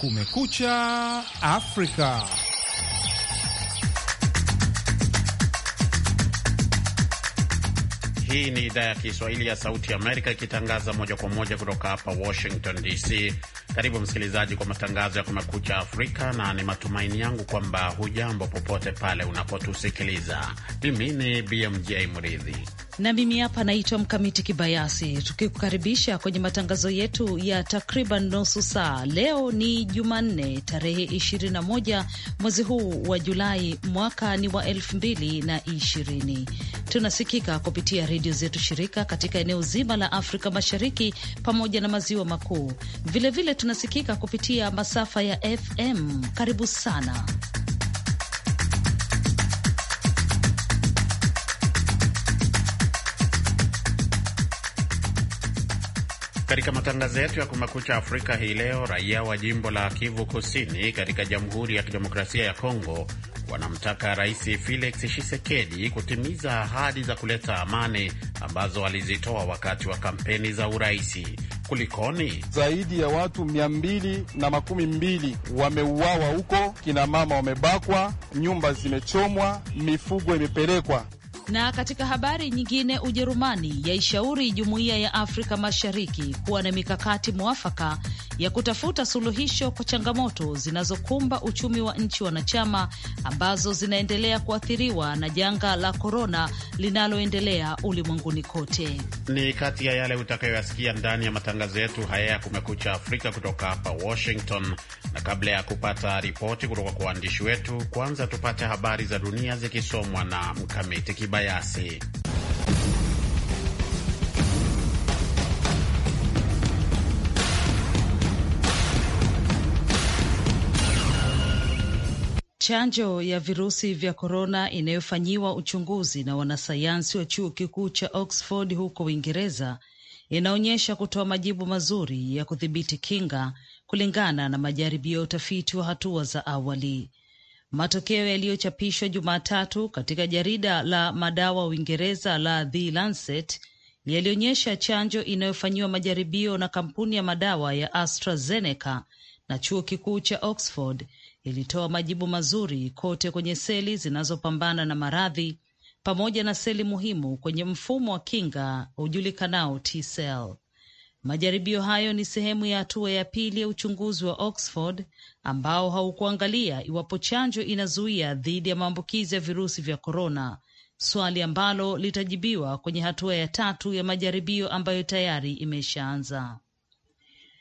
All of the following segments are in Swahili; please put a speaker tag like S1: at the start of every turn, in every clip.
S1: Kumekucha Afrika.
S2: Hii ni idhaa ya Kiswahili ya Sauti Amerika ikitangaza moja kwa moja kutoka hapa Washington DC. Karibu msikilizaji, kwa matangazo ya Kumekucha Afrika, na ni matumaini yangu kwamba hujambo popote pale unapotusikiliza. Mimi ni BMJ Mridhi
S3: na mimi hapa naitwa Mkamiti Kibayasi, tukikukaribisha kwenye matangazo yetu ya takriban nusu saa. Leo ni Jumanne, tarehe 21 mwezi huu wa Julai, mwaka ni wa 2020. Tunasikika kupitia redio zetu shirika katika eneo zima la Afrika Mashariki pamoja na maziwa makuu. Vilevile tunasikika kupitia masafa ya FM. Karibu sana.
S2: Katika matangazo yetu ya Kumekucha Afrika hii leo, raia wa jimbo la Kivu Kusini katika Jamhuri ya Kidemokrasia ya Kongo wanamtaka Rais Felix Tshisekedi kutimiza ahadi za kuleta amani ambazo alizitoa wakati wa kampeni za uraisi. Kulikoni,
S1: zaidi ya watu mia mbili na makumi mbili wameuawa huko, kina mama wamebakwa, nyumba zimechomwa, mifugo imepelekwa
S3: na katika habari nyingine, Ujerumani yaishauri jumuiya ya Afrika Mashariki kuwa na mikakati mwafaka ya kutafuta suluhisho kwa changamoto zinazokumba uchumi wa nchi wanachama ambazo zinaendelea kuathiriwa na janga la korona linaloendelea ulimwenguni kote.
S2: Ni kati ya yale utakayoyasikia ndani ya matangazo yetu haya ya Kumekucha Afrika kutoka hapa Washington, na kabla ya kupata ripoti kutoka kwa waandishi wetu, kwanza tupate habari za dunia zikisomwa na Mkamiti Kiba. Kibayasi.
S3: Chanjo ya virusi vya korona inayofanyiwa uchunguzi na wanasayansi wa chuo kikuu cha Oxford huko Uingereza inaonyesha kutoa majibu mazuri ya kudhibiti kinga kulingana na majaribio ya utafiti wa hatua za awali. Matokeo yaliyochapishwa Jumatatu katika jarida la madawa Uingereza la The Lancet yalionyesha chanjo inayofanyiwa majaribio na kampuni ya madawa ya AstraZeneca na chuo kikuu cha Oxford ilitoa majibu mazuri kote kwenye seli zinazopambana na maradhi pamoja na seli muhimu kwenye mfumo wa kinga ujulikanao T-cell. Majaribio hayo ni sehemu ya hatua ya pili ya uchunguzi wa Oxford ambao haukuangalia iwapo chanjo inazuia dhidi ya maambukizi ya virusi vya korona, swali ambalo litajibiwa kwenye hatua ya tatu ya majaribio ambayo tayari imeshaanza.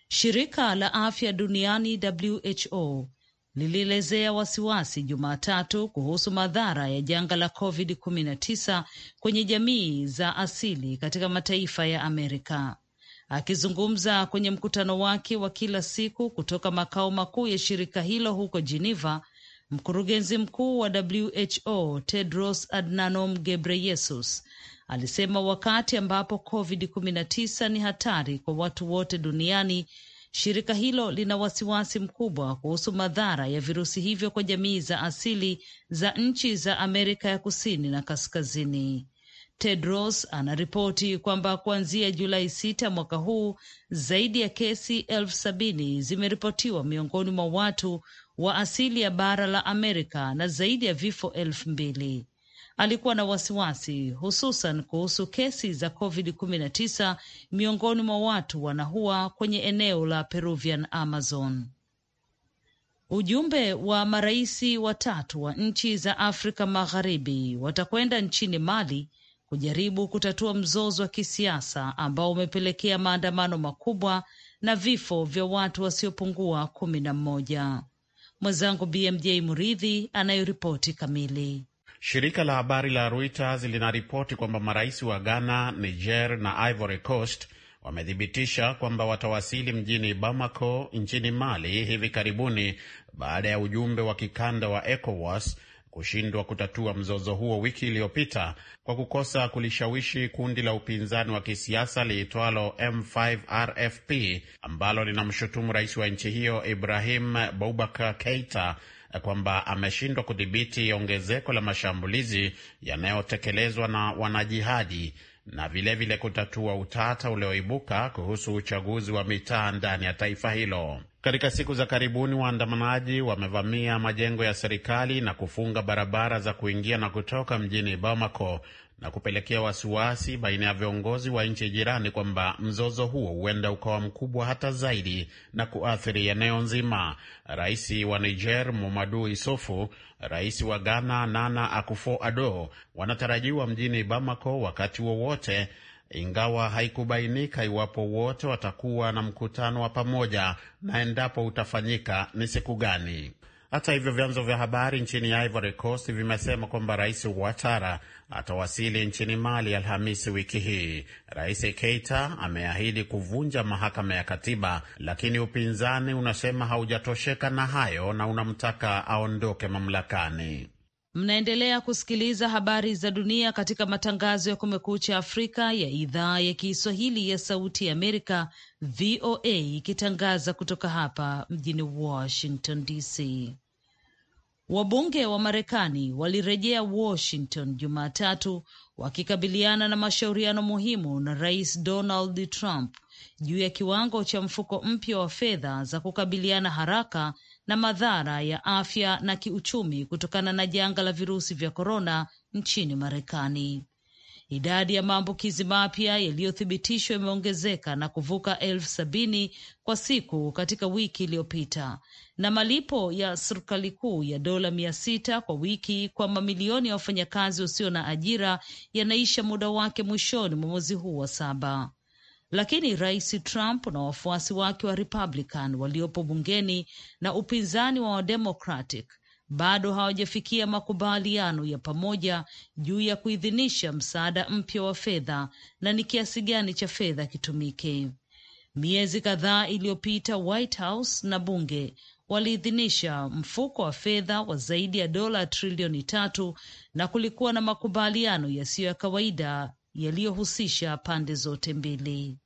S3: Shirika la afya duniani WHO lilielezea wasiwasi Jumatatu kuhusu madhara ya janga la COVID-19 kwenye jamii za asili katika mataifa ya Amerika. Akizungumza kwenye mkutano wake wa kila siku kutoka makao makuu ya shirika hilo huko Geneva, mkurugenzi mkuu wa WHO Tedros Adhanom Ghebreyesus alisema wakati ambapo COVID-19 ni hatari kwa watu wote duniani, shirika hilo lina wasiwasi mkubwa kuhusu madhara ya virusi hivyo kwa jamii za asili za nchi za Amerika ya Kusini na Kaskazini. Tedros anaripoti kwamba kuanzia Julai sita mwaka huu zaidi ya kesi elfu sabini zimeripotiwa miongoni mwa watu wa asili ya bara la Amerika na zaidi ya vifo elfu mbili. Alikuwa na wasiwasi hususan kuhusu kesi za COVID-19 miongoni mwa watu wanahua kwenye eneo la Peruvian Amazon. Ujumbe wa marais watatu wa nchi za Afrika Magharibi watakwenda nchini Mali kujaribu kutatua mzozo wa kisiasa ambao umepelekea maandamano makubwa na vifo vya watu wasiopungua kumi na mmoja. Mwenzangu BMJ Muridhi anayoripoti kamili.
S2: Shirika la habari la Reuters linaripoti kwamba marais wa Ghana, Niger na Ivory Coast wamethibitisha kwamba watawasili mjini Bamako nchini Mali hivi karibuni baada ya ujumbe wa kikanda wa ECOWAS kushindwa kutatua mzozo huo wiki iliyopita kwa kukosa kulishawishi kundi la upinzani wa kisiasa liitwalo M5 RFP ambalo linamshutumu rais wa nchi hiyo Ibrahim Boubacar Keita kwamba ameshindwa kudhibiti ongezeko la mashambulizi yanayotekelezwa na wanajihadi na vilevile vile kutatua utata ulioibuka kuhusu uchaguzi wa mitaa ndani ya taifa hilo. Katika siku za karibuni, waandamanaji wamevamia majengo ya serikali na kufunga barabara za kuingia na kutoka mjini Bamako na kupelekea wasiwasi baina ya viongozi wa nchi jirani kwamba mzozo huo huenda ukawa mkubwa hata zaidi na kuathiri eneo nzima. Rais wa Niger Momadu Isofu, rais wa Ghana Nana akufo ado wanatarajiwa mjini Bamako wakati wowote ingawa haikubainika iwapo wote watakuwa na mkutano wa pamoja na endapo utafanyika ni siku gani. Hata hivyo, vyanzo vya habari nchini Ivory Coast vimesema kwamba Rais Ouattara atawasili nchini Mali Alhamisi wiki hii. Rais Keita ameahidi kuvunja mahakama ya katiba, lakini upinzani unasema haujatosheka na hayo na unamtaka aondoke mamlakani.
S3: Mnaendelea kusikiliza habari za dunia katika matangazo ya Kumekucha Afrika ya idhaa ya Kiswahili ya Sauti ya Amerika, VOA, ikitangaza kutoka hapa mjini Washington DC. Wabunge wa Marekani walirejea Washington Jumatatu wakikabiliana na mashauriano muhimu na Rais Donald Trump juu ya kiwango cha mfuko mpya wa fedha za kukabiliana haraka na madhara ya afya na kiuchumi kutokana na janga la virusi vya korona nchini Marekani. Idadi ya maambukizi mapya yaliyothibitishwa imeongezeka na kuvuka elfu sabini kwa siku katika wiki iliyopita, na malipo ya serikali kuu ya dola mia sita kwa wiki kwa mamilioni ya wafanyakazi wasio na ajira yanaisha muda wake mwishoni mwa mwezi huu wa saba lakini Rais Trump na wafuasi wake wa Republican waliopo bungeni na upinzani wa Wademocratic bado hawajafikia makubaliano ya pamoja juu ya kuidhinisha msaada mpya wa fedha na ni kiasi gani cha fedha kitumike. Miezi kadhaa iliyopita, White House na bunge waliidhinisha mfuko wa fedha wa zaidi ya dola trilioni tatu na kulikuwa na makubaliano yasiyo ya kawaida yaliyohusisha pande zote mbili.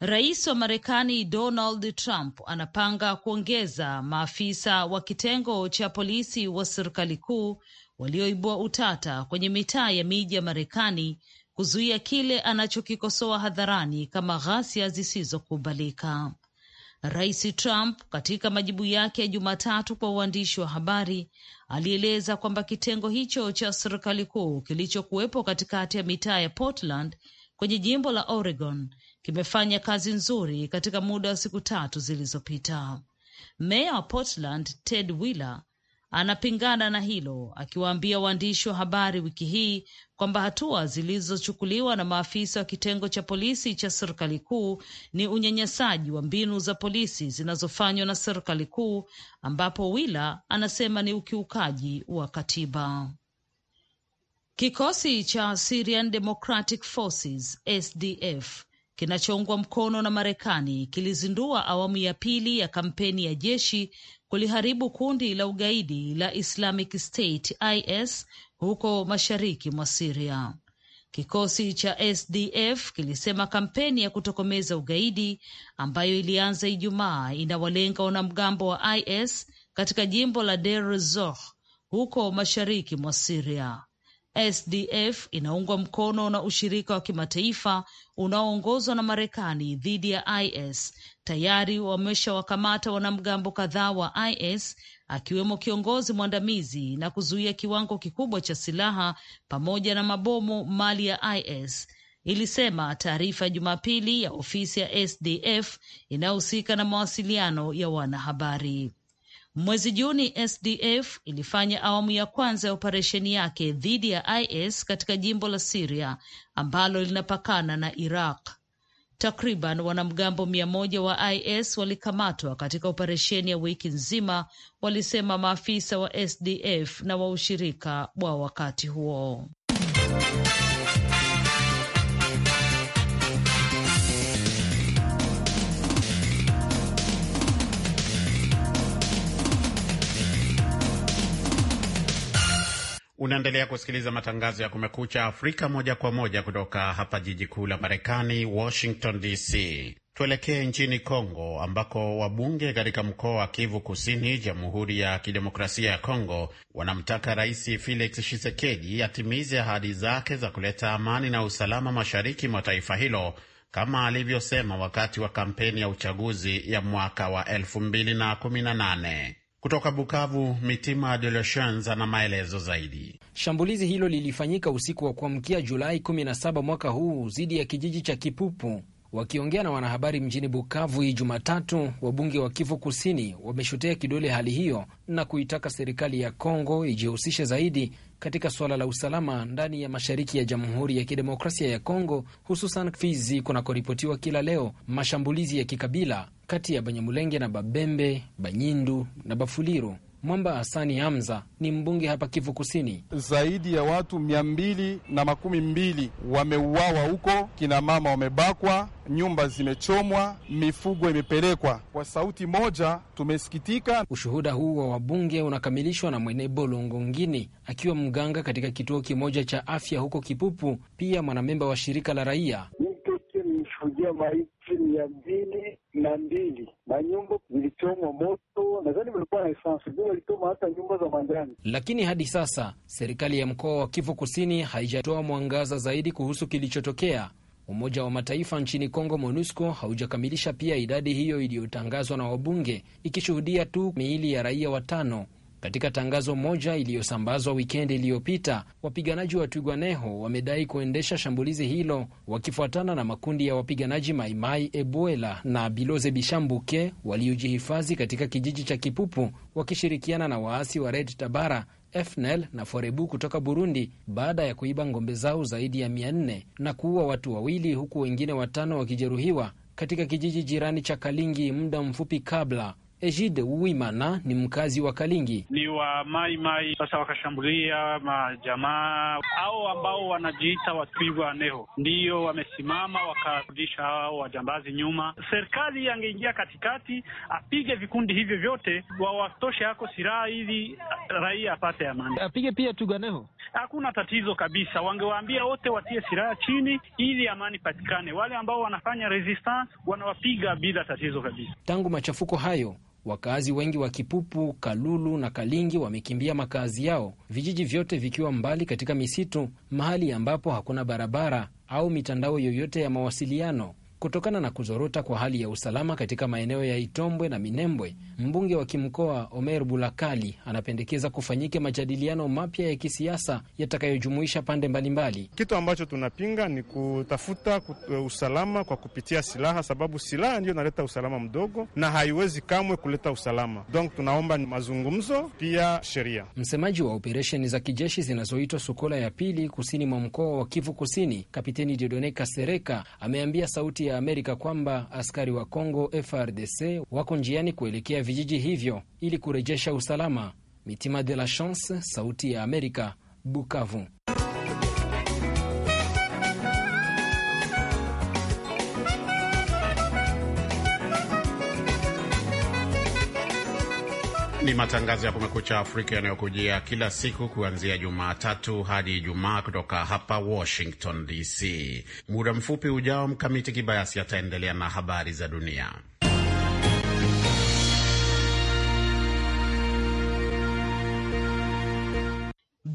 S3: Rais wa Marekani Donald Trump anapanga kuongeza maafisa wa kitengo cha polisi wa serikali kuu walioibua utata kwenye mitaa ya miji ya Marekani kuzuia kile anachokikosoa hadharani kama ghasia zisizokubalika. Rais Trump katika majibu yake ya Jumatatu kwa uandishi wa habari alieleza kwamba kitengo hicho cha serikali kuu kilichokuwepo katikati ya mitaa ya Portland kwenye jimbo la Oregon kimefanya kazi nzuri katika muda wa siku tatu zilizopita. Meya wa Portland Ted Wheeler anapingana na hilo akiwaambia waandishi wa habari wiki hii kwamba hatua zilizochukuliwa na maafisa wa kitengo cha polisi cha serikali kuu ni unyanyasaji wa mbinu za polisi zinazofanywa na serikali kuu, ambapo Wila anasema ni ukiukaji wa katiba. Kikosi cha Syrian Democratic Forces SDF kinachoungwa mkono na Marekani kilizindua awamu ya pili ya kampeni ya jeshi kuliharibu kundi la ugaidi la Islamic State IS huko mashariki mwa Siria. Kikosi cha SDF kilisema kampeni ya kutokomeza ugaidi ambayo ilianza Ijumaa inawalenga wanamgambo wa IS katika jimbo la Deir zor huko mashariki mwa Siria. SDF inaungwa mkono na ushirika wa kimataifa unaoongozwa na Marekani dhidi ya IS. Tayari wameshawakamata wanamgambo kadhaa wa IS akiwemo kiongozi mwandamizi na kuzuia kiwango kikubwa cha silaha pamoja na mabomu mali ya IS, ilisema taarifa ya Jumapili ya ofisi ya SDF inayohusika na mawasiliano ya wanahabari. Mwezi Juni, SDF ilifanya awamu ya kwanza ya operesheni yake dhidi ya IS katika jimbo la Siria ambalo linapakana na Iraq. Takriban wanamgambo mia moja wa IS walikamatwa katika operesheni ya wiki nzima, walisema maafisa wa SDF na wa ushirika wa wakati huo.
S2: Unaendelea kusikiliza matangazo ya Kumekucha Afrika moja kwa moja kutoka hapa jiji kuu la Marekani, Washington DC. Tuelekee nchini Kongo ambako wabunge katika mkoa wa Kivu Kusini, Jamhuri ya Kidemokrasia ya Kongo, wanamtaka Rais Felix Tshisekedi atimize ahadi zake za kuleta amani na usalama mashariki mwa taifa hilo kama alivyosema wakati wa kampeni ya uchaguzi ya mwaka wa 2018. Kutoka Bukavu, Mitima De Lechans ana maelezo zaidi. Shambulizi hilo lilifanyika usiku wa kuamkia Julai 17 mwaka huu dhidi ya kijiji cha Kipupu
S4: Wakiongea na wanahabari mjini Bukavu hii Jumatatu, wabunge wa Kivu Kusini wameshotea kidole hali hiyo na kuitaka serikali ya Kongo ijihusishe zaidi katika suala la usalama ndani ya mashariki ya Jamhuri ya Kidemokrasia ya Kongo, hususan Fizi kunakoripotiwa kila leo mashambulizi ya kikabila kati ya Banyamulenge na Babembe, Banyindu na Bafuliru. Mwamba Hasani Hamza ni mbunge hapa Kivu Kusini. Zaidi
S1: ya watu mia mbili na makumi mbili wameuawa huko, kina mama wamebakwa, nyumba zimechomwa, mifugo imepelekwa. Kwa sauti moja tumesikitika.
S4: Ushuhuda huu wa wabunge unakamilishwa na Mwenebo Longongini akiwa mganga katika kituo kimoja cha afya huko Kipupu, pia mwanamemba wa shirika la raia. Mimi nimeshuhudia maiti mia mbili na mbili manyumba zilichomwa moto,
S1: nadhani walikuwa na esansi ndio walichoma hata nyumba za majirani.
S4: Lakini hadi sasa serikali ya mkoa wa Kivu Kusini haijatoa mwangaza zaidi kuhusu kilichotokea. Umoja wa Mataifa nchini Kongo, MONUSCO, haujakamilisha pia idadi hiyo iliyotangazwa na wabunge, ikishuhudia tu miili ya raia watano katika tangazo moja iliyosambazwa wikendi iliyopita, wapiganaji wa Twigwaneho wamedai kuendesha shambulizi hilo wakifuatana na makundi ya wapiganaji Maimai Ebuela na Biloze Bishambuke waliojihifadhi katika kijiji cha Kipupu wakishirikiana na waasi wa Red Tabara FNL na Forebu kutoka Burundi baada ya kuiba ngombe zao zaidi ya mia nne na kuua watu wawili huku wengine watano wakijeruhiwa katika kijiji jirani cha Kalingi muda mfupi kabla Egide Uwimana ni mkazi wa Kalingi,
S2: ni wa Mai Mai. Sasa wakashambulia majamaa au ambao wanajiita Watwirwa Neho, ndiyo wamesimama wakarudisha hao wajambazi nyuma. Serikali angeingia katikati, apige vikundi hivyo vyote, wawatoshe hako silaha ili raia apate amani, apige pia Tuganeho. Hakuna tatizo kabisa, wangewaambia wote watie silaha chini ili amani patikane. Wale ambao wanafanya resistance wanawapiga bila tatizo kabisa.
S4: Tangu machafuko hayo Wakazi wengi wa Kipupu, Kalulu na Kalingi wamekimbia makazi yao, vijiji vyote vikiwa mbali katika misitu, mahali ambapo hakuna barabara au mitandao yoyote ya mawasiliano. Kutokana na kuzorota kwa hali ya usalama katika maeneo ya Itombwe na Minembwe, mbunge wa kimkoa Omer Bulakali anapendekeza kufanyike majadiliano mapya ya kisiasa yatakayojumuisha pande mbalimbali. Kitu ambacho tunapinga ni kutafuta e, usalama kwa kupitia silaha, sababu silaha ndiyo inaleta usalama mdogo na haiwezi kamwe kuleta usalama. Donc tunaomba mazungumzo, pia sheria. Msemaji wa operesheni za kijeshi zinazoitwa Sukola ya pili kusini mwa mkoa wa Kivu Kusini, Kapiteni Dieudone Kasereka ameambia Sauti ya Amerika kwamba askari wa congo FRDC wako njiani kuelekea vijiji hivyo ili kurejesha usalama. Mitima de la Chance, Sauti ya Amerika, Bukavu.
S2: Ni matangazo ya Kumekucha Afrika yanayokujia kila siku kuanzia Jumatatu hadi Ijumaa kutoka hapa Washington DC. Muda mfupi ujao, Mkamiti Kibayasi ataendelea na habari za dunia.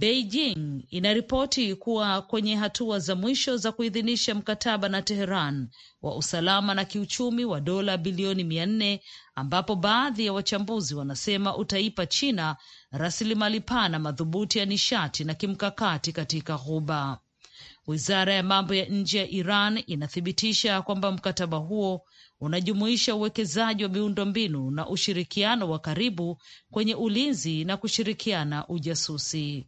S3: Beijing inaripoti kuwa kwenye hatua za mwisho za kuidhinisha mkataba na Teheran wa usalama na kiuchumi wa dola bilioni mia nne ambapo baadhi ya wachambuzi wanasema utaipa China rasilimali pana madhubuti ya nishati na kimkakati katika Ghuba. Wizara ya mambo ya nje ya Iran inathibitisha kwamba mkataba huo unajumuisha uwekezaji wa miundombinu na ushirikiano wa karibu kwenye ulinzi na kushirikiana ujasusi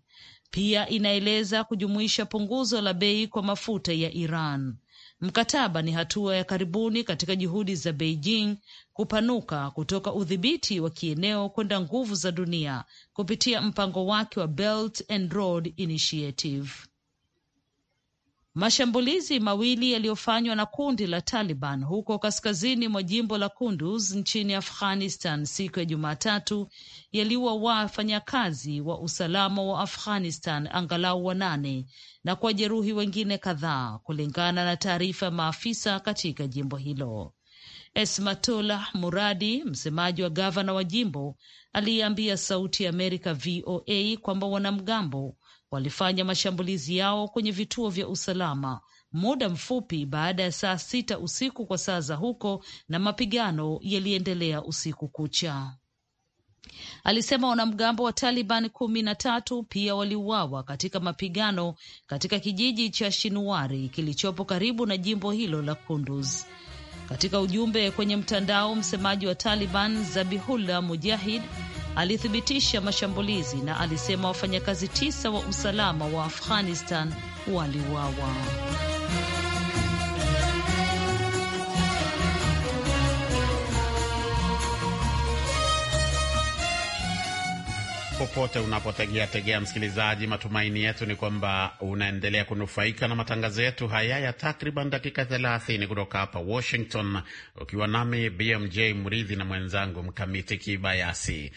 S3: pia inaeleza kujumuisha punguzo la bei kwa mafuta ya Iran. Mkataba ni hatua ya karibuni katika juhudi za Beijing kupanuka kutoka udhibiti wa kieneo kwenda nguvu za dunia kupitia mpango wake wa Belt and Road Initiative. Mashambulizi mawili yaliyofanywa na kundi la Taliban huko kaskazini mwa jimbo la Kunduz nchini Afghanistan siku ya Jumatatu yaliua wafanyakazi wa usalama wa Afghanistan angalau wanane na kuwajeruhi wengine kadhaa, kulingana na taarifa ya maafisa katika jimbo hilo. Esmatullah Muradi, msemaji wa gavana wa jimbo, aliyeambia Sauti ya Amerika VOA kwamba wanamgambo walifanya mashambulizi yao kwenye vituo vya usalama muda mfupi baada ya saa sita usiku kwa saa za huko, na mapigano yaliendelea usiku kucha. Alisema wanamgambo wa Taliban kumi na tatu pia waliuawa katika mapigano katika kijiji cha Shinuari kilichopo karibu na jimbo hilo la Kunduz. Katika ujumbe kwenye mtandao, msemaji wa Taliban Zabihullah Mujahid alithibitisha mashambulizi na alisema wafanyakazi tisa wa usalama wa Afghanistan waliuawa.
S2: popote unapotegea tegea, msikilizaji, matumaini yetu ni kwamba unaendelea kunufaika na matangazo yetu haya ya takriban dakika 30 kutoka hapa Washington, ukiwa nami BMJ Mridhi na mwenzangu Mkamiti Kibayasi.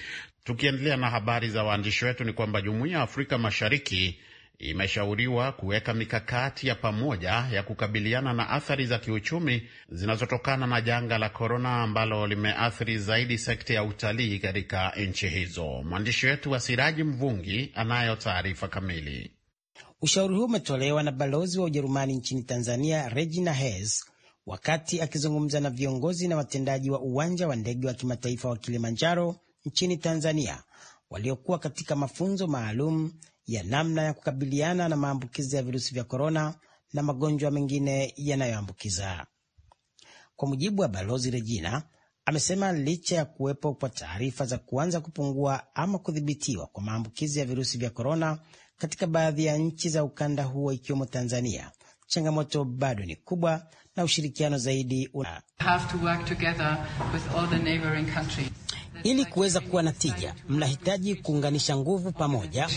S2: Tukiendelea na habari za waandishi wetu, ni kwamba jumuiya ya Afrika Mashariki imeshauriwa kuweka mikakati ya pamoja ya kukabiliana na athari za kiuchumi zinazotokana na janga la korona ambalo limeathiri zaidi sekta ya utalii katika nchi hizo. Mwandishi wetu wa Siraji Mvungi anayo taarifa kamili.
S5: Ushauri huu umetolewa na balozi wa Ujerumani nchini Tanzania, Regina Hes, wakati akizungumza na viongozi na watendaji wa uwanja wa ndege wa kimataifa wa Kilimanjaro nchini Tanzania waliokuwa katika mafunzo maalum ya namna ya kukabiliana na maambukizi ya virusi vya korona na magonjwa mengine yanayoambukiza. Kwa mujibu wa balozi Regina, amesema licha ya kuwepo kwa taarifa za kuanza kupungua ama kudhibitiwa kwa maambukizi ya virusi vya korona katika baadhi ya nchi za ukanda huo ikiwemo Tanzania, changamoto bado ni kubwa na ushirikiano zaidi una...
S4: have to work together with all the neighboring countries.
S5: Ili kuweza kuwa na tija, mnahitaji kuunganisha nguvu pamoja.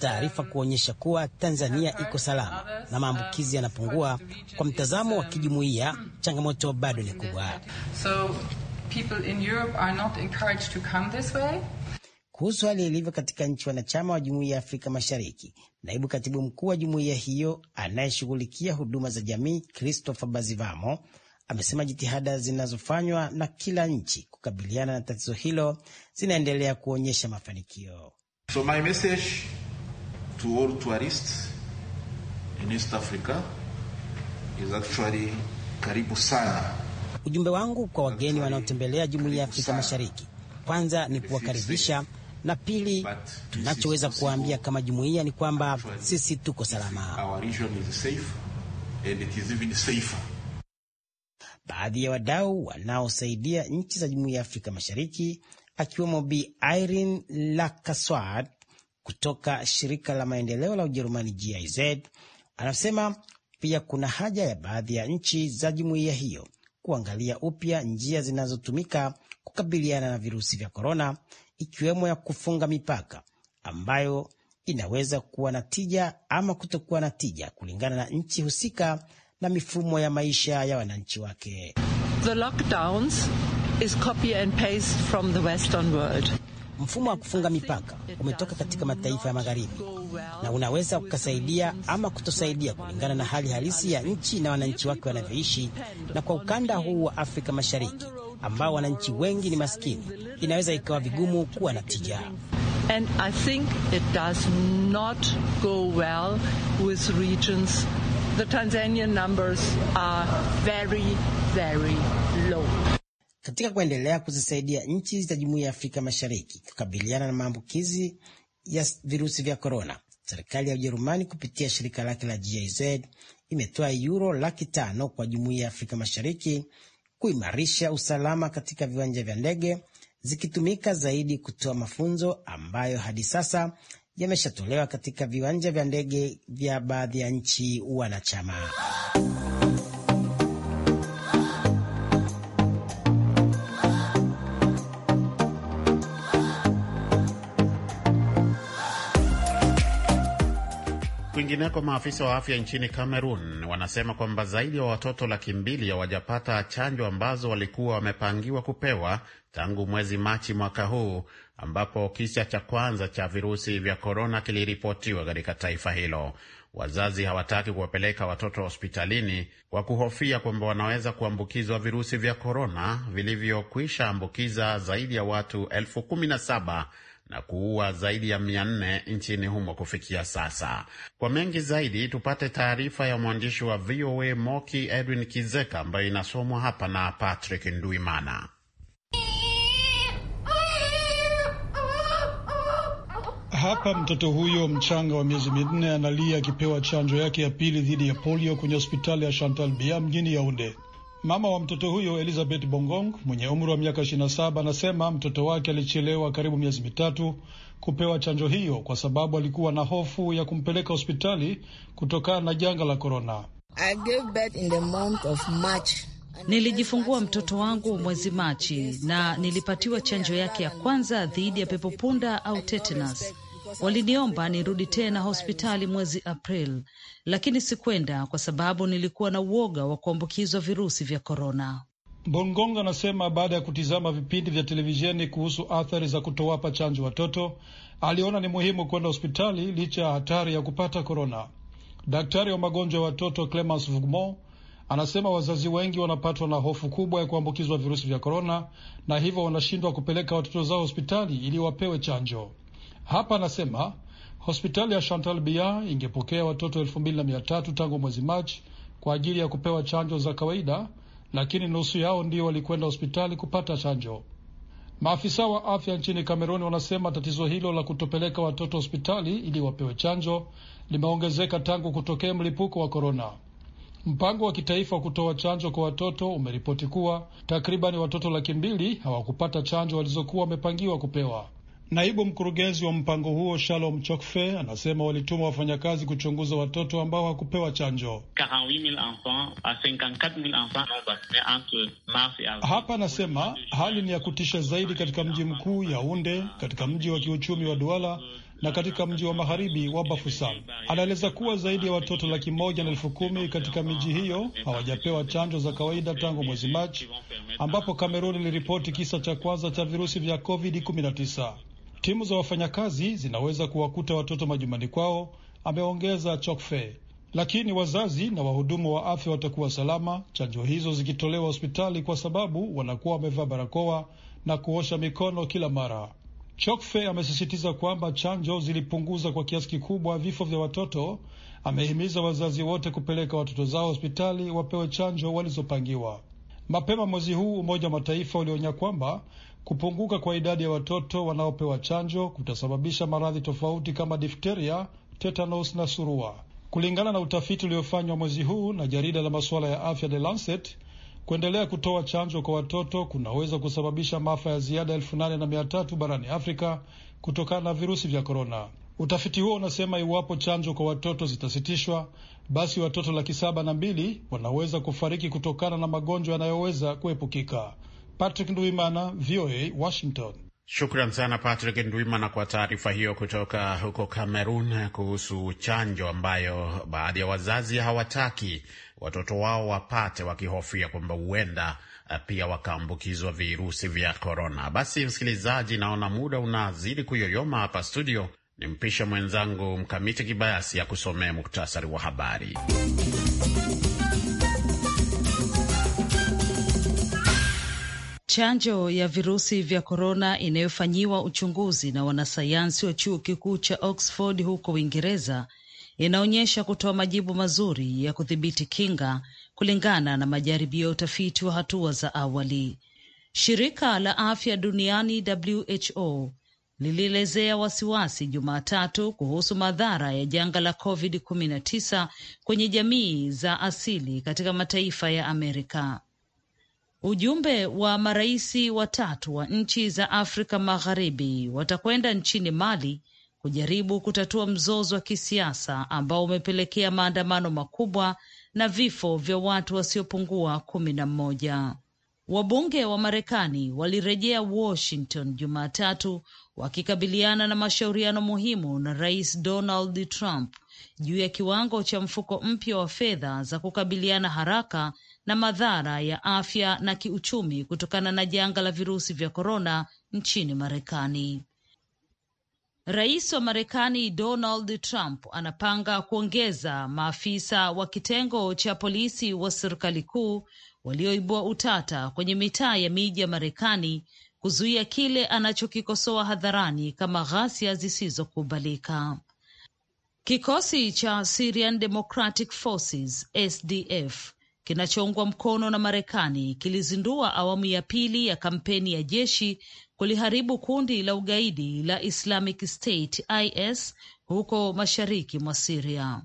S5: Taarifa kuonyesha kuwa Tanzania iko salama na maambukizi um, yanapungua. Kwa mtazamo wa um, kijumuiya, hmm. changamoto bado ni kubwa. So, kuhusu hali ilivyo katika nchi wanachama wa Jumuiya ya Afrika Mashariki. Naibu katibu mkuu wa jumuiya hiyo anayeshughulikia huduma za jamii Christopher Bazivamo amesema jitihada zinazofanywa na kila nchi kukabiliana na tatizo hilo zinaendelea kuonyesha
S2: mafanikio. So my message to all tourists in East Africa is actually karibu sana.
S5: Ujumbe wangu kwa wageni wanaotembelea jumuiya ya Afrika Mashariki kwanza ni kuwakaribisha na pili tunachoweza kuambia kama jumuiya ni kwamba sisi tuko salama. Baadhi ya wadau wanaosaidia nchi za jumuiya ya Afrika Mashariki, akiwemo Bi Irene Lakaswad kutoka shirika la maendeleo la Ujerumani GIZ, anasema pia kuna haja ya baadhi ya nchi za jumuiya hiyo kuangalia upya njia zinazotumika kukabiliana na virusi vya korona ikiwemo ya kufunga mipaka ambayo inaweza kuwa na tija ama kutokuwa na tija kulingana na nchi husika na mifumo ya maisha ya wananchi wake. The lockdowns is copy and paste from the Western world. Mfumo wa kufunga mipaka umetoka katika mataifa ya magharibi na unaweza ukasaidia ama kutosaidia kulingana na hali halisi ya nchi na wananchi wake wanavyoishi. Na kwa ukanda huu wa Afrika Mashariki ambao wananchi wengi ni maskini, inaweza ikawa vigumu kuwa na tija.
S3: And I think it does not go well with regions. The Tanzanian numbers are very, very
S5: low. Katika kuendelea kuzisaidia nchi za Jumuiya ya Afrika Mashariki kukabiliana na maambukizi ya virusi vya korona, serikali ya Ujerumani kupitia shirika lake la GIZ imetoa yuro laki tano kwa Jumuiya ya Afrika Mashariki kuimarisha usalama katika viwanja vya ndege, zikitumika zaidi kutoa mafunzo ambayo hadi sasa yameshatolewa katika viwanja vya ndege vya baadhi ya nchi wanachama.
S2: Kwingineko, maafisa wa afya nchini Cameroon wanasema kwamba zaidi ya watoto laki mbili hawajapata chanjo ambazo walikuwa wamepangiwa kupewa tangu mwezi Machi mwaka huu ambapo kisa cha kwanza cha virusi vya korona kiliripotiwa katika taifa hilo. Wazazi hawataki kuwapeleka watoto hospitalini kwa kuhofia kwamba wanaweza kuambukizwa virusi vya korona vilivyokwisha ambukiza zaidi ya watu elfu kumi na saba na kuua zaidi ya mia nne nchini humo kufikia sasa. Kwa mengi zaidi, tupate taarifa ya mwandishi wa VOA Moki Edwin Kizeka ambayo inasomwa hapa na Patrick Nduimana.
S1: Hapa mtoto huyo mchanga wa miezi minne analia akipewa chanjo yake ya pili dhidi ya polio kwenye hospitali ya Chantal Bia mjini Yaunde. Mama wa mtoto huyo Elizabeth Bongong mwenye umri wa miaka 27 anasema mtoto wake alichelewa karibu miezi mitatu kupewa chanjo hiyo kwa sababu alikuwa na hofu ya kumpeleka hospitali kutokana na janga la korona.
S3: Nilijifungua mtoto wangu mwezi Machi na nilipatiwa chanjo yake ya kwanza dhidi ya pepopunda au tetanus. Waliniomba nirudi tena hospitali mwezi april lakini sikwenda kwa sababu nilikuwa na uoga wa kuambukizwa virusi vya korona.
S1: Bongong anasema baada ya kutizama vipindi vya televisheni kuhusu athari za kutowapa chanjo watoto, aliona ni muhimu kwenda hospitali licha ya hatari ya kupata korona. Daktari wa magonjwa ya watoto Clemence Vugmo anasema wazazi wengi wanapatwa na hofu kubwa ya kuambukizwa virusi vya korona na hivyo wanashindwa kupeleka watoto zao hospitali ili wapewe chanjo. Hapa anasema hospitali ya Chantal Bia ingepokea watoto elfu mbili na mia tatu tangu mwezi Machi kwa ajili ya kupewa chanjo za kawaida, lakini nusu yao ndio walikwenda hospitali kupata chanjo. Maafisa wa afya nchini Kameruni wanasema tatizo hilo la kutopeleka watoto hospitali ili wapewe chanjo limeongezeka tangu kutokea mlipuko wa korona. Mpango wa kitaifa wa kutoa chanjo kwa watoto umeripoti kuwa takribani watoto laki mbili hawakupata chanjo walizokuwa wamepangiwa kupewa. Naibu mkurugenzi wa mpango huo Shalom Chokfe anasema walituma wafanyakazi kuchunguza watoto ambao hakupewa chanjo. Hapa anasema hali ni ya kutisha zaidi katika mji mkuu Yaunde, katika mji wa kiuchumi wa Duala na katika mji wa magharibi wa Bafusan. Anaeleza kuwa zaidi ya watoto laki moja na elfu kumi katika miji hiyo hawajapewa chanjo za kawaida tangu mwezi Machi, ambapo Kamerun iliripoti kisa cha kwanza cha virusi vya COVID-19. Timu za wafanyakazi zinaweza kuwakuta watoto majumbani kwao, ameongeza Chokfe. Lakini wazazi na wahudumu wa afya watakuwa salama chanjo hizo zikitolewa hospitali, kwa sababu wanakuwa wamevaa barakoa na kuosha mikono kila mara. Chokfe amesisitiza kwamba chanjo zilipunguza kwa kiasi kikubwa vifo vya watoto. Amehimiza wazazi wote kupeleka watoto zao hospitali wapewe chanjo walizopangiwa. Mapema mwezi huu Umoja wa Mataifa ulionya kwamba Kupunguka kwa idadi ya watoto wanaopewa chanjo kutasababisha maradhi tofauti kama difteria, tetanus na surua. Kulingana na utafiti uliofanywa mwezi huu na jarida la masuala ya afya The Lancet, kuendelea kutoa chanjo kwa watoto kunaweza kusababisha maafa ya ziada elfu nane na mia tatu barani Afrika kutokana na virusi vya korona. Utafiti huo unasema iwapo chanjo kwa watoto zitasitishwa, basi watoto laki saba na mbili wanaweza kufariki kutokana na magonjwa yanayoweza kuepukika. Patrick Nduimana, VOA Washington.
S2: Shukran sana Patrick Ndwimana kwa taarifa hiyo kutoka huko Kamerun kuhusu chanjo ambayo baadhi ya wazazi hawataki watoto wao wapate, wakihofia kwamba huenda eh, pia wakaambukizwa virusi vya korona. Basi msikilizaji, naona muda unazidi kuyoyoma hapa studio. Nimpishe mwenzangu Mkamiti Kibayasi akusomee muktasari wa habari.
S3: Chanjo ya virusi vya korona inayofanyiwa uchunguzi na wanasayansi wa chuo kikuu cha Oxford huko Uingereza inaonyesha kutoa majibu mazuri ya kudhibiti kinga kulingana na majaribio ya utafiti wa hatua za awali. Shirika la afya duniani WHO lilielezea wasiwasi Jumatatu kuhusu madhara ya janga la COVID-19 kwenye jamii za asili katika mataifa ya Amerika. Ujumbe wa marais watatu wa nchi za Afrika Magharibi watakwenda nchini Mali kujaribu kutatua mzozo wa kisiasa ambao umepelekea maandamano makubwa na vifo vya watu wasiopungua kumi na mmoja. Wabunge wa Marekani walirejea Washington Jumatatu wakikabiliana na mashauriano muhimu na Rais Donald Trump juu ya kiwango cha mfuko mpya wa fedha za kukabiliana haraka na madhara ya afya na kiuchumi kutokana na janga la virusi vya korona nchini Marekani. Rais wa Marekani Donald Trump anapanga kuongeza maafisa wa kitengo cha polisi wa serikali kuu walioibua utata kwenye mitaa ya miji ya Marekani kuzuia kile anachokikosoa hadharani kama ghasia zisizokubalika. Kikosi cha Syrian Democratic Forces SDF kinachoungwa mkono na Marekani kilizindua awamu ya pili ya kampeni ya jeshi kuliharibu kundi la ugaidi la Islamic State IS huko mashariki mwa Siria.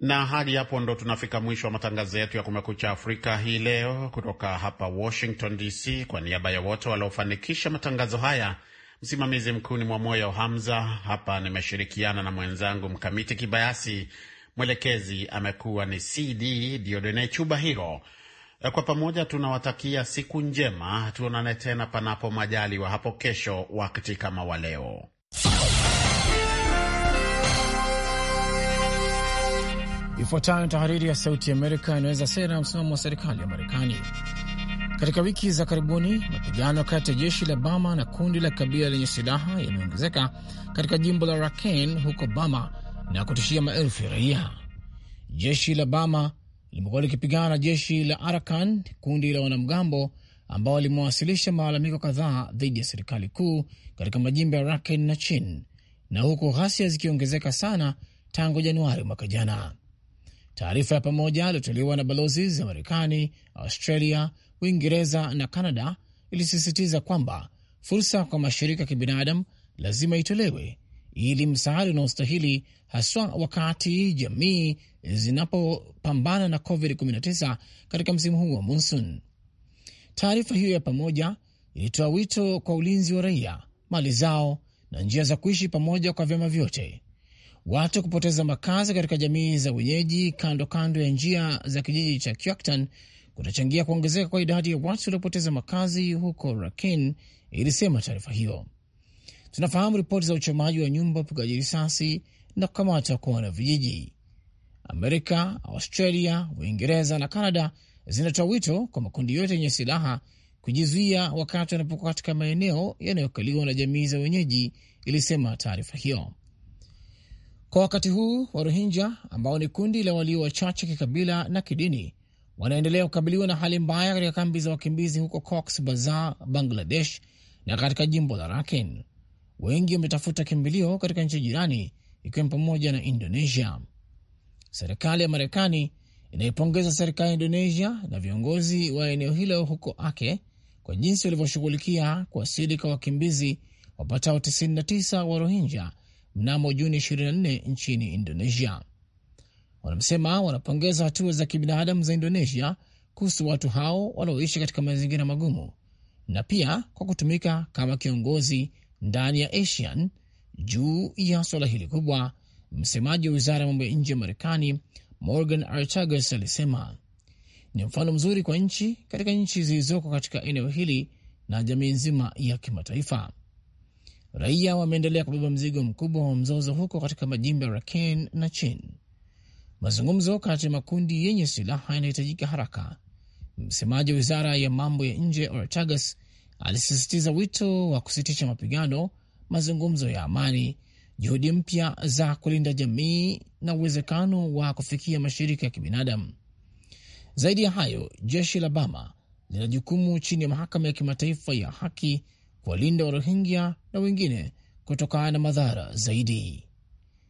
S3: Na hadi
S2: hapo ndo tunafika mwisho wa matangazo yetu ya Kumekucha Afrika hii leo, kutoka hapa Washington DC. Kwa niaba ya wote waliofanikisha matangazo haya, msimamizi mkuu ni Mwamoyo Hamza. Hapa nimeshirikiana na mwenzangu Mkamiti Kibayasi. Mwelekezi amekuwa ni CD chuba hilo e, Kwa pamoja tunawatakia siku njema, tuonane tena panapo majali wa hapo kesho wakati kama wa leo.
S6: Ifuatayo ni tahariri ya Sauti ya Amerika inaweza sera ya msimamo wa serikali ya Marekani. Katika wiki za karibuni, mapigano kati ya jeshi la Bama na kundi la kabila lenye silaha yameongezeka katika jimbo la Rakhine huko Bama na kutishia maelfu ya raia. Jeshi la Bama limekuwa likipigana na jeshi la Arakan, kundi la wanamgambo ambao limewasilisha malalamiko kadhaa dhidi ya serikali kuu katika majimbo ya Raken na Chin, na huku ghasia zikiongezeka sana tangu Januari mwaka jana. Taarifa ya pamoja iliyotolewa na balozi za Marekani, Australia, Uingereza na canada ilisisitiza kwamba fursa kwa mashirika ya kibinadamu lazima itolewe ili msaada unaostahili haswa wakati jamii zinapopambana na COVID-19 katika msimu huu wa monsun. Taarifa hiyo ya pamoja ilitoa wito kwa ulinzi wa raia, mali zao na njia za kuishi pamoja kwa vyama vyote. Watu kupoteza makazi katika jamii za wenyeji kando kando ya njia za kijiji cha Kyaktan kutachangia kuongezeka kwa idadi ya watu waliopoteza makazi huko rakin ilisema taarifa hiyo. Tunafahamu ripoti za uchomaji wa nyumba, upigaji risasi na kukamata kwa wanavijiji. Amerika, Australia, Uingereza na canada zinatoa wito kwa makundi yote yenye silaha kujizuia wakati wanapokuwa katika maeneo yanayokaliwa na jamii za wenyeji, ilisema taarifa hiyo. Kwa wakati huu Warohinja ambao ni kundi la walio wachache kikabila na kidini wanaendelea kukabiliwa na hali mbaya katika kambi za wakimbizi huko Cox Bazar, Bangladesh na katika jimbo la Rakhine wengi wametafuta kimbilio katika nchi jirani, ikiwa ni pamoja na Indonesia. Serikali ya Marekani inaipongeza serikali ya Indonesia na viongozi wa eneo hilo huko ake kwa jinsi walivyoshughulikia kuwasili kwa wakimbizi wapatao 99 wa Rohingya mnamo Juni 24 nchini Indonesia. Wanamsema wanapongeza hatua za kibinadamu za Indonesia kuhusu watu hao wanaoishi katika mazingira magumu na pia kwa kutumika kama kiongozi ndani ya ASEAN juu ya suala hili kubwa. Msemaji wa wizara ya mambo ya nje ya Marekani Morgan Artagus alisema ni mfano mzuri kwa nchi katika nchi zilizoko katika eneo hili na jamii nzima ya kimataifa. Raia wameendelea kubeba mzigo mkubwa wa mzozo huko katika majimbo ya Rakhine na Chin. Mazungumzo kati ya makundi yenye silaha yanahitajika haraka, msemaji wa wizara ya mambo ya nje Artagus alisisitiza wito wa kusitisha mapigano, mazungumzo ya amani, juhudi mpya za kulinda jamii na uwezekano wa kufikia mashirika ya kibinadamu. Zaidi ya hayo, jeshi la Bama lina jukumu chini ya mahakama ya kimataifa ya haki kuwalinda Warohingya na wengine kutokana na madhara zaidi.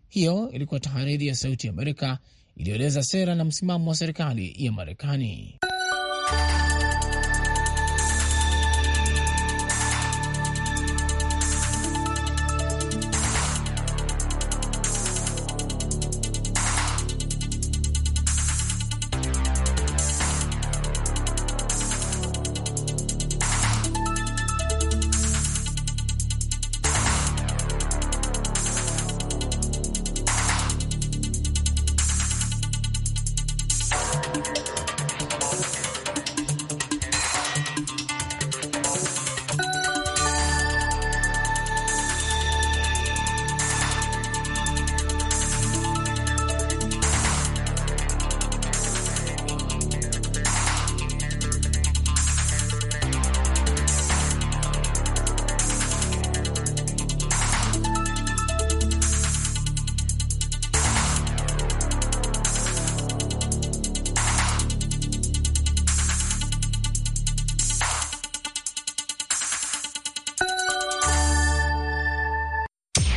S6: Hiyo ilikuwa tahariri ya Sauti ya Amerika iliyoeleza sera na msimamo wa serikali ya Marekani.